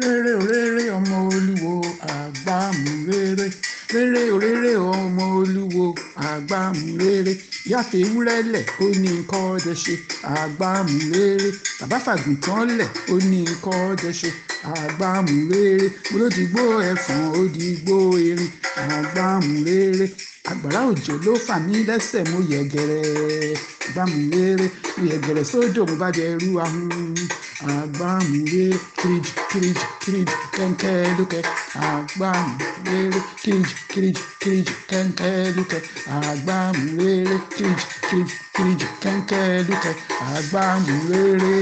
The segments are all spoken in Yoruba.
rere òréré ọmọ olúwo àgbàmúréré rere òréré ọmọ olúwo àgbàmúréré ìyá tèmúrẹ́lẹ̀ ó ní nǹkan ọdẹ ṣe àgbàmúréré bàbá fàgùntàn lẹ̀ ó ní nǹkan ọdẹ ṣe àgbàmúréré mo ló dìgbò ẹ̀fọn ó dìgbò erin àgbàmúréré àgbàrá òjò ló fà mí lẹ́sẹ̀ mo yẹ̀ gẹ̀rẹ́ gbàmúlérè mo yẹ̀ gẹ̀rẹ́ sódò mo bá jẹ irú ahun agbàmúlérè kirij kirij kirij kẹ́ńkẹ́ lókẹ́ agbàmúlérè kirij kirij kirij kẹ́ńkẹ́ lókẹ́ agbàmúlérè kirij kirij kirij kẹ́ńkẹ́ lókẹ́ agbàmúlérè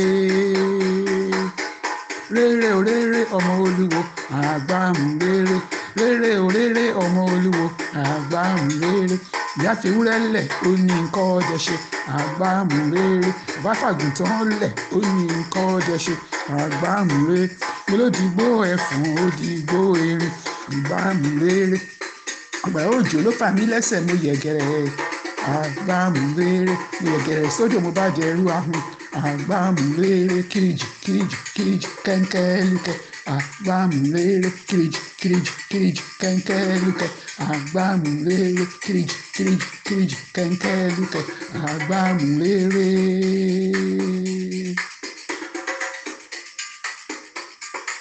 rere o rere ọmọ olúwo agbàmúlérè rere o rere ọmọ olúwo àgbàmù rere ìyá ti wúrẹ́ lẹ̀ ó ní nǹkan ọdẹ ṣe àgbàmù rere bàbá fàgùntàn lẹ̀ ó ní nǹkan ọdẹ ṣe àgbàmù rere olódìgbò ẹ̀fọn òdìgbò erin àgbàmù rere àgbà òjò ló fà mí lẹ́sẹ̀ mo yẹ̀ àgbàmù rere mo yẹ̀ sódò mo bá jẹ irú ahun àgbàmúlérè kìrìjì kìrìjì kìrìjì kẹ́ńkẹ́lùkẹ́ àgbàmúlérè kìrìjì crid, crid, cride, cride, crid, crid, crid, cancélica, abamulele.